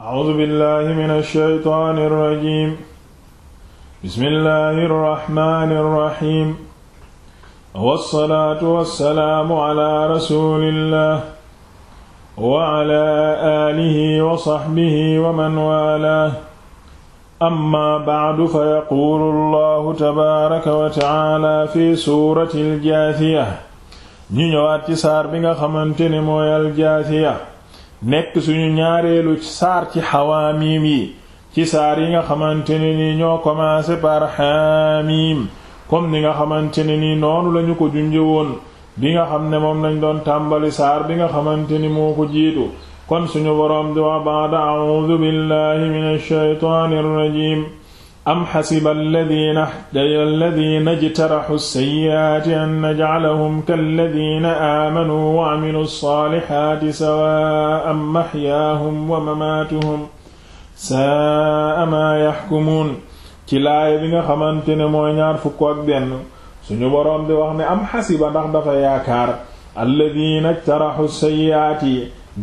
A'uuzu billaahi mina shaytaani rajiim. Bismillaahi rahmaani rahiim. Wassalaatu wassalaamu alaa rasuulillaah wa alaa aalihi wa sahbihi wa man waalaah. Amma ba'du fayaquulu Allaahu tabaaraka wa ta'aalaa fi suuratil Jaathiya. Ñu ñëwaat ci saar bi nga xamante ne mooy al Jaathiya. nekk suñu ñaareelu saar ci xawaamiim yi ci saar yi nga xamante ne nii ñoo commencé par xaamiim kon ni nga xamante ne nii noonu lañu ko junje woon bi nga xam ne moom lañ doon tàmbali saar bi nga xamante ni moo ko jiitu kon suñu boroom di wa ba'da a'uudu billahi minash shaytaanir rajiim am xasiba alladina alladina jtaraxu sayyiaati an najcalahum kalladina aamanuu wa camilu lsalixaati sawaan maxyaahum wa mamaatuhum saa maa yaxkumuun ci laaya bi nga xamante ne mooy ñaar fukk ak benn suñu boroom bi wax ne am xasiba ndax dafa yaakaar alladina jtaraxu sayyiaati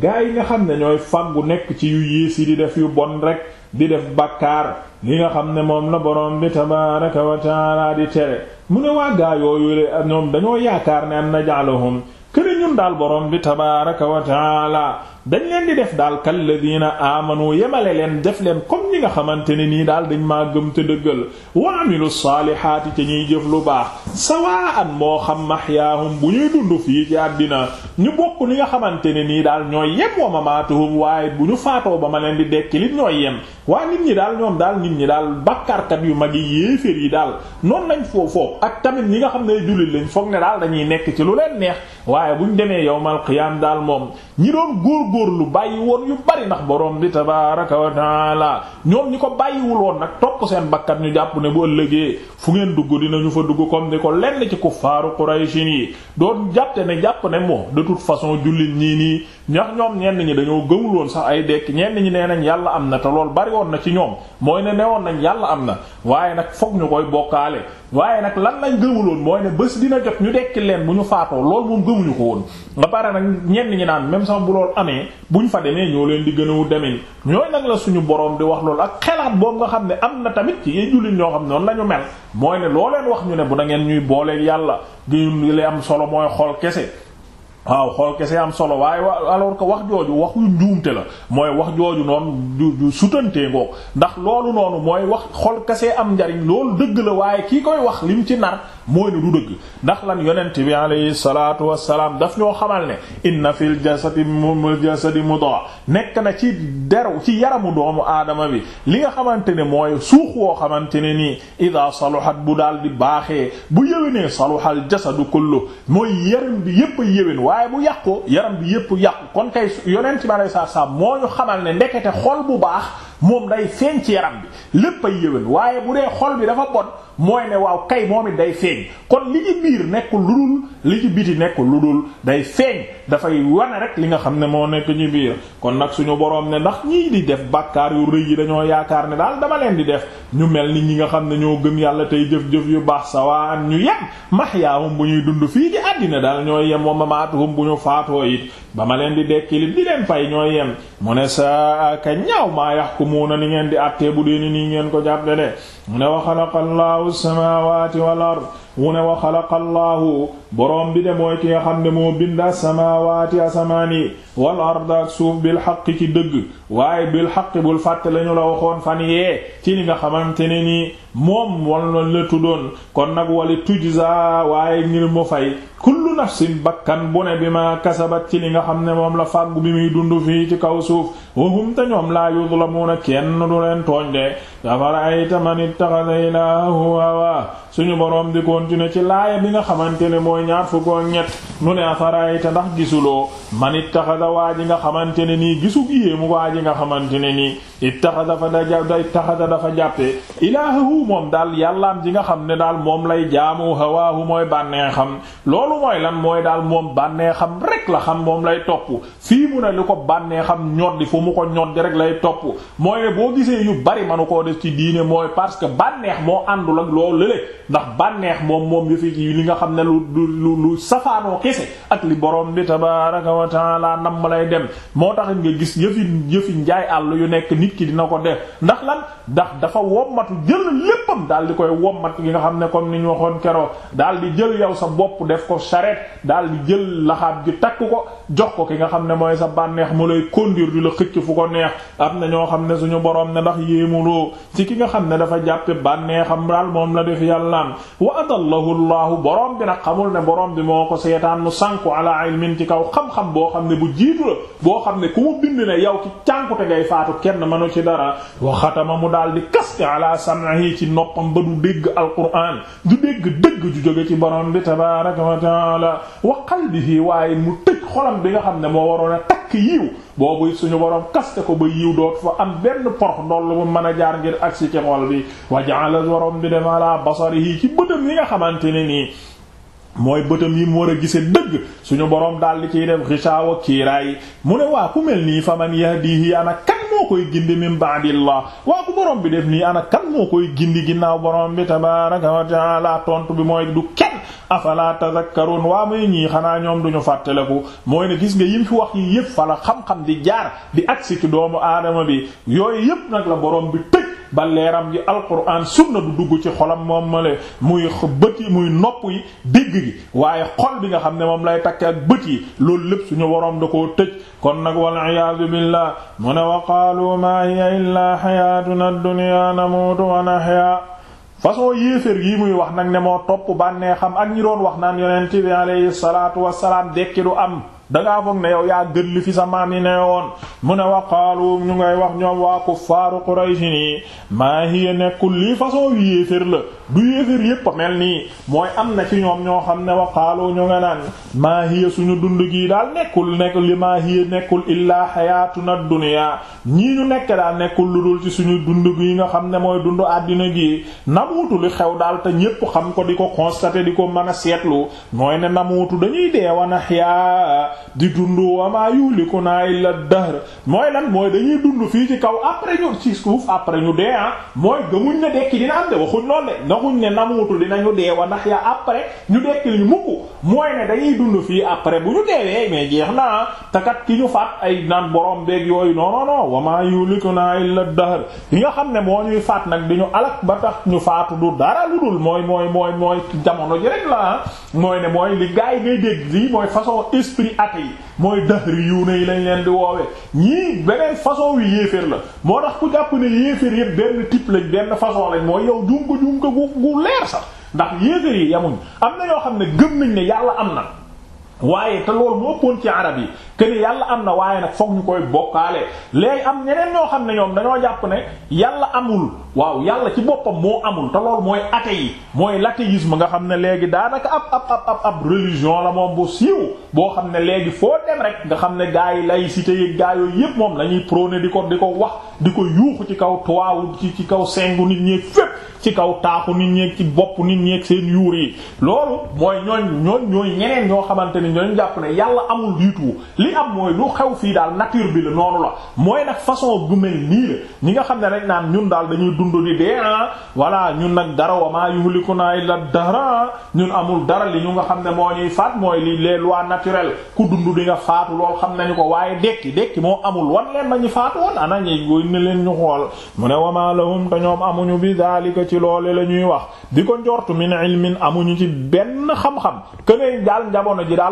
gaa yi nga xam ne ñooy fàggu nekk ci yu yiis yi di def yu bon rekk di def bàkkaar li nga xam ne moom la borom bi tabaraka wa taala di tere mu ne waa gaa yooyule ñoom dañoo yaakaar ne am na jaalahum kër ñun daal borom bi tabaraka wa taala dañ leen di def daal kalladina amanu yemale leen def leen comme ñi nga xamante ne nii daal dañ maa gëm te dëggal wa amilu saalihaati ca ñuy jëf lu baax sawaan moo xam mahyaahum bu ñuy dund fii ci àddina ñu bokk li nga xamante ne nii daal ñooy yem wa mamaatuhum waaye bu ñu faatoo ba ma leen di dekki li ñooy yem waa nit ñi daal ñoom daal nit ñi daal bakkarkat yu mag yi yéeféer yi daal noonu nañ foofoo ak tamit ñi nga xam ne jullit lañ foog ne daal dañuy nekk ci lu leen neex waaye buñ demee yawmal qiyaam daal moom góorgóorlu bàyyi woon yu bari ndax borom bi tabaaraka wa taala ñoom ñi ko bàyyiwul woon nag topp seen bakkat ñu jàpp ne bu ëllëgee fu ngeen dugg ñu fa dugg comme ni ko lenn ci kuffaaru Quraysh yi doon jàpp ne jàpp ne moo de toute façon jullit ñii nii ñax ñoom ñenn ñi dañoo gëmul woon sax ay dekk ñenn ñi nee nañ yàlla am na te lool bari woon na ci ñoom mooy ne newoon nañ yàlla am na waaye nag fokk ñu koy bokkaale waaye nag lan lañ gëmul woon mooy ne bés dina jot ñu dekki leen bu ñu faatoo lool moom gëmuñu ko woon nga pare nag ñenn ñi naan même sax bu lool amee buñ fa demee ñoo leen di gën awu ni ñooy nag la suñu boroom di wax loolu ak xelaat boobu nga xam ne am na tamit ci ay jullit ñoo xam noonu la ñu mel mooy ne wax ñu ne bu da ngeen ñuy booleel yàlla di li am solo mooy xol kese waaw xool kese am solo waaye alors que wax jooju waxu njuumte la mooy wax jooju noonu du du sutantee ngoog ndax loolu noonu mooy wax xool kese am njariñ loolu dëgg la waaye kii koy wax lim ci nar mooy ne du dëgg ndax lan yonent bi alayhi salaatu salaam daf ñoo xamal ne inna fil jasadi mul jasadi mudaa nekk na ci deru ci yaramu doomu aadama bi li nga xamante ne mooy suux woo xamante ne nii ida saluhat bu daal di baaxee bu yëwénee saluhal jasadu kullu mooy yaram bi waaye bu yàqoo yaram bi yépp yàqu kon tey yonent bi alei satu salaam moo ñu xamal ne ndekete xol bu baax moom day feeñ ci yaram bi lépp ay yéwén waaye bu dee xol bi dafa bon mooy ne waaw kay moom it day feeñ kon li ci biir nekkul lu dul li ci biti nekkul lu dul day feeñ dafay wane rek li nga xam ne moo nekk ñu biir kon nag suñu boroom ne ndax ñii di def bàkkaar yu rëy yi dañoo yaakaar ne daal dama leen di def ñu mel ni ñi nga xam ne ñoo gëm yàlla tey jëf-jëf yu baax sawaan ñu yem mahyaahum bu ñuy dund fii ci àddina daal ñoo yem wa mamaatuhum bu ñu faatoo it ba ma leen di dekkilib di leen fay ñooy yem mu ne saa aka ñaaw maa yahkumuuna li ngeen di attee bu dee ni nii ngeen ko jàppe de mu ne wa xalaqa allahu samaawaati wal ard mu ne wa xalaqa allahu boroom bi de mooy ki nga xam ne moo bind asamaawaati asamaan yi wal ard ak suuf bil xaq ci dëgg waaye bil xaq bul fàtte lañu la waxoon fan yee ci li nga xamante ne nii moom wal na la tuddoon kon nag wali tujza waaye ngir mu fay kullu nafsin bakkan bu ne bi ma kasabat ci li nga xam ne moom la fàggu bi muy dund fii ci kaw suuf wahum te ñoom laa na kenn du leen tooñ de afara ayta man ittaxada ilaahu hawa suñu boroom di continuer ci laaya bi mooy ñaar fu ak ñett mu ne afarayta ndax gisuloo man ittaxada waa ji nga xamante ne nii gisu gi mu waa ji nga xamante ne nii ittaxada dafa da ittaxada dafa jàppee ilaahahu moom daal yàllaam ji nga xam ne daal moom lay jaamu hawaahu mooy bànnee xam loolu mooy lan mooy daal moom bànnee xam rek la xam moom lay topp fii mu ne lu ko bànnee xam ñoddi fu mu ko ñoddi rek lay topp mooy ne boo gisee yu bari manu koo def ci diine mooy parce que bànneex moo àndul ak loolu lële ndax bànneex moom moom yëfi li nga xam ne lu lu lu safaanoo kese ak li borom bi tabaaraka wa taala nam lay dem moo tax nit ki dina ko def ndax lan ndax dafa wommatu jël léppam daal di koy wommat gi nga xam ne comme ni ñu waxoon keroog daal di jël yow sa bopp def ko charrette daal di jël laxaab gi takk ko jox ko ki nga xam ne mooy sa bànneex mu lay conduire di la xëcc fu ko neex am na ñoo xam ne suñu borom ne ndax yéemuloo ci ki nga xam ne dafa jàppe bànneexam daal moom la def yàllaan wa adallahu llahu borom bi nag xamul ne borom bi moo ko seetaan mu sànku ala ilmin ci kaw xam manu ci dara wa xatama mu daal di kaste ala sam'ihi ci noppam ba du dégg alquran du dégg dëgg ju jóge ci borom bi tabaraka wa taala wa qalbihi waaye mu tëj xolam bi nga xam ne moo waroon a takk yiw boobu suñu borom kaste ko ba yiw doot fa am benn porox ndoll bu mën a jaar ngir agsi ci xol bi wa ja'ala borom bi dem ala basarihi ci bëtam yi nga xamante ne nii mooy bëtam yi mu war a gise dëgg suñu borom daal di ciy def xisaawa kiiraay mu ne waa ku mel nii fa man koy gindi min ba'dillah waa ku borom bi def nii ana kan moo koy gindi ginnaaw borom bi tabaaraka wa laa tontu bi mooy du kenn afala tadhakkarun waa muy ñii xanaa ñoom duñu fàttaleku mooy ne gis nga yim fi wax yi yépp fala xam-xam di jaar di agsi ci doomu aadama bi yooyu yëpp nag la borom bi tëj ba leeram ji alquran sunna du dugg ci xolam moom ma le muy bët yi muy nopp yi dégg gi waaye xol bi nga xam ne moom lay takke ak bët yi loolu lépp suñu woroom da koo tëj kon nag waliyasu billah mu ne wa qaalu maa hiya illaa xayatuna dunya namuutu wa nahya façon yéeféer yi muy wax nag ne moo topp bànnee xam ak ñi doon wax naan yonent bi alayhi salaatu wassalaam dekki du am dangaa foog ne yow yaa gën li fi sa maam yi ne woon mu ne wa ñu ngay wax ñoom waa kuffaaru Qurayshi nii maa nekkul lii façon wi yéefér la du yéefér yépp mel nii mooy am na ci ñoom ñoo xam ne wa qaalu ñu nga naan maa hiya suñu dund gii daal nekkul nekk li maa hiya nekkul illaa xayaatuna dunya ñii ñu nekk daal nekkul lu dul ci suñu dund gi nga xam ne mooy dund àddina gi namuutu li xew daal te ñépp xam ko di ko constater di ko mën a seetlu mooy ne namuutu di dund wama yuhlikunaa illa dahr mooy lan mooy dañuy dund fii ci kaw après ñu ci suuf après ñu dee ah mooy gëmuñ ne dekki dina am de waxuñ loolu de ndaxuñ ne namuutu dinañu dee wa ndax ya après ñu dekki li ñu mukk mooy ne dañuy dund fii après bu ñu deewee mais jeex naa ah. takat ki ñu faat ay naan borom beeg yooyu non non non wama yuhlikunaa illa dahr yi nga xam ne moo ñuy faat nag di ñu alak ba tax ñu faatu du dara lu dul mooy mooy mooy mooy jamono ji rek ah. malaaka yi mooy dahri yu ne yi lañ leen di woowe ñii beneen façon wi yéeféer la moo tax ku jàpp ne yéeféer yépp benn type lañ benn façon lañ mooy yow jum ko jum ko gu leer sax ndax yéeféer yi yamuñ am na yoo xam ne gëm nañ ne yàlla am na waaye te loolu moo ëppoon ci arab yi que yàlla am na waaye nag foog ñu koy bokkaale léegi am ñeneen ñoo xam ne ñoom dañoo jàpp ne yàlla amul waaw yàlla ci boppam moo amul te loolu mooy athée yi mooy l'athéisme nga xam ne léegi daanaka ab ab ab ab la moom bu siiw boo xam ne léegi foo dem rek nga xam ne gaa yi laïcité yi gaa yooyu yépp moom la ñuy prôné di ko di ko wax di ko yuuxu ci kaw toawu ci ci kaw sengu nit ñeeg fépp ci kaw taaxu nit ñeeg ci bopp nit ñeeg seen yuur yi loolu mooy ñooñ ñooñ ñooy ñeneen ni ñooñu jàpp ne yàlla amul du tout li am mooy lu xew fii daal nature bi la noonu la mooy nag façon bu mel nii la ñi nga xam ne rek naan ñun daal dañuy dund di dee ah voilà ñun nag dara wa maa yuhlikunaa illaa dara ñun amul dara li ñu nga xam ne moo ñuy faat mooy li les lois naturelles ku dund di nga faatu lool xam nañu ko waaye dékki dékki moo amul wan leen ma ñu faatu woon ana ñi goy leen ñu xool mu ne wa maa lahum te ñoom amuñu bi daalika ci loole la ñuy wax di ko njortu min ilmin amuñu ci benn xam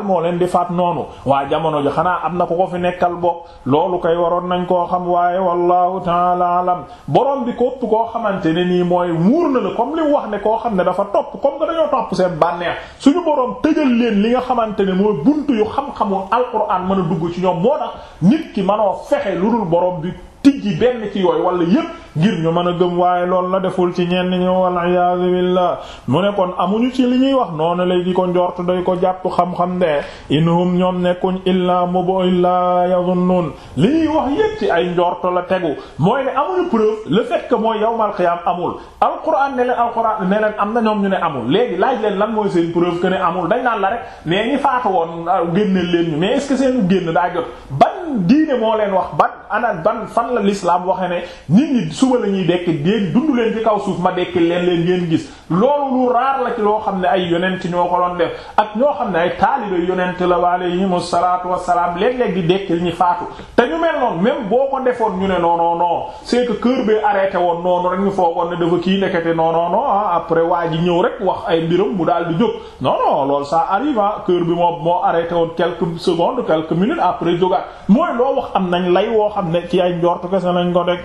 moo leen di faat noonu waa jamono ji xanaa am na ko ko fi nekkal bo loolu koy waroon nañ koo xam waaye wallahu taala alam borom bi kopp koo xamante ne nii mooy muur na la comme li mu wax ne koo xam ne dafa topp comme que dañoo topp seen bànneex suñu borom tëjal leen li nga xamante ne mooy bunt yu xam-xamu alquran mën a dugg ci ñoom moo tax nit ki mënoo fexe lu dul borom bi tijji benn ci yooyu wala yépp ngir ñu mën a gëm waaye loolu la deful ci ñenn ñi wal iyaazu billah mu ne kon amuñu ci li ñuy wax noonu lay ko njort day ko jàpp xam-xam de ñoom nekkuñ illaa mubo illaa yazunnun li ñuy wax yépp ci ay njort la tegu mooy ne amuñu preuve le fait que mooy yawmal qiyaam amul alquran ne leen ne leen am na ñoom ñu ne amul léegi laaj leen lan mooy seen preuve que ne amul dañ naan la rek mais ñi faatu woon génneel leen ñu mais est seenu génn daa jot ban diine moo leen wax ban ana ban fan la l'islam waxe ne nit ñi suba la ñuy dekk déen dund leen ci kaw suuf ma dekk leen leen ngeen gis loolu lu raar la ci loo xam ne ay yonent ñoo ko doon def ak ñoo xam ne ay taalibe yonent la wa alayhimu salaatu wassalaam léeg-léeg di dekk li ñu faatu te ñu mel noonu même boo ko defoon ñu ne non non non c'est que cœur woon noonu rek ñu foogoon ne dafa kii nekkate non non non ah, après waa ji ñëw rek wax ay mbiram mu daal di jóg non non sa ça arrive ah, bi moo moo arrêté woon quelques secondes quelques minutes après jógaat mooy loo wax am nañ lay woo xam xam ne ci ay njort kese nañ ko teg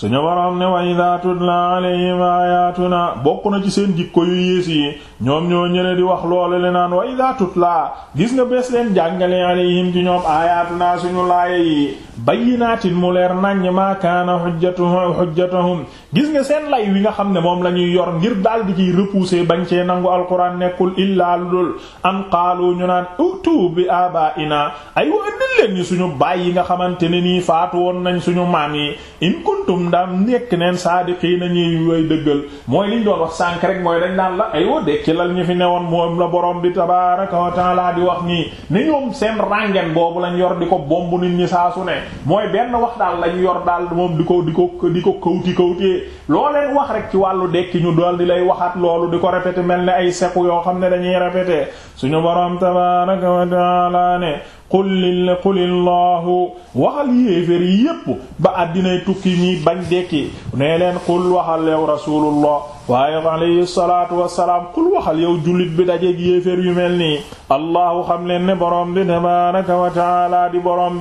suñu boroom ne wa idaa tutla alayhim na bokk na ci seen jikko yu yées yi ñoom ñoo ñëne di wax loolu le naan wa idaa gis nga bees leen jàngale alayhim ci ñoom aayaatuna suñu laaye yi bayyinaatin mu leer naññ maa kaana hujjatuhum gis nga seen lay wi nga xam ne moom la ñuy yor ngir daal di ciy repousser bañ cee nangu alquran nekkul illaa lu dul an ñu naan utu bi abaina ay wa ëndil suñu baay yi nga xamante ne nii faatu woon nañ suñu maam kuntum daam nekk neen saadiqiina ñuy way dëggal mooy liñ doon wax sànk rek mooy dañ naan la aywa dekkilal ñu fi newoon moom la borom bi tabaaraka wa taala di wax nii ni ñoom seen ràngeen boobu lañ yor di ko bomb nit ñi saa su ne mooy benn wax daal lañ yor daal moom di ko di ko di ko kawti kawtee loo wax rek ci wàllu dekki ñu dool di lay waxaat loolu di ko répété mel ni ay seku yoo xam ne dañuy répété suñu borom tabaaraka wa qul lil qulillahu waxal yéefér yi yépp ba addinay tukki ñiy bañ dekki nee leen qul waxal yow rasulullah waaye alayhi salaatu wassalaam qul waxal yow jullit bi dajeeg yéefér yu mel nii allahu xam leen ne borom bi tabaaraka wa taala di borom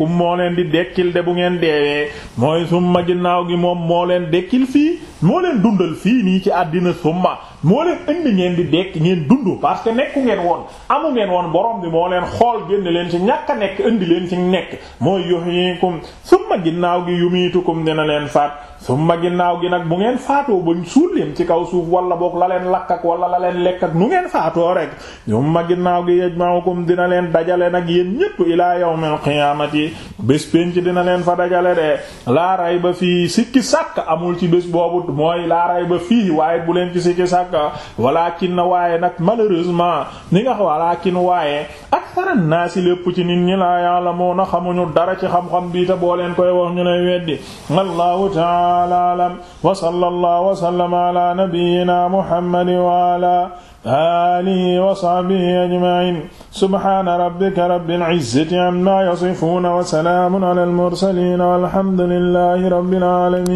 yuhyikum moo leen di dekkil de bu ngeen deewee mooy summa ginnaaw gi moom moo leen dekkil fii moo leen dundal fii nii ci àddina summa moo leen indi ngeen di dekk ngeen dund parce que nekku ngeen woon amu ngeen woon borom bi moo leen xool génn leen ci ñàkk a nekk indi leen ci nekk mooy yuhyikum summa ginnaaw gi yumiitukum dina leen faat summa ginnaaw gi nag bu ngeen faatoo ba suul leen ci kaw suuf wala boog la leen lakk ak wala la leen lekk ak nu ngeen faatoo rek summa ginnaaw gi yajma'ukum dina leen dajale nag yéen ñépp ilaa yawmil qiyaamati bés penc dina leen fa dajale de laa ba fii sikki sàkk amul ci bés boobu mooy laa rayba fii waaye bu leen ci sikki sàkk walaakin na waaye nag malheureusement ni nga walaakin waaye aksara naasi lépp ci nit ñi laa ya'lamuuna xamuñu dara ci xam-xam bi te boo leen koy wax ñu lay weddi wallahu ta'ala a'lam wa sallallahu wa sallama ala nabiyyina muhammadin wa ala alihi wa sahbihi ajma'in subhana rabbika rabbil izzati amma yasifun wa salamun ala al mursalin walhamdulillahi rabbil alamin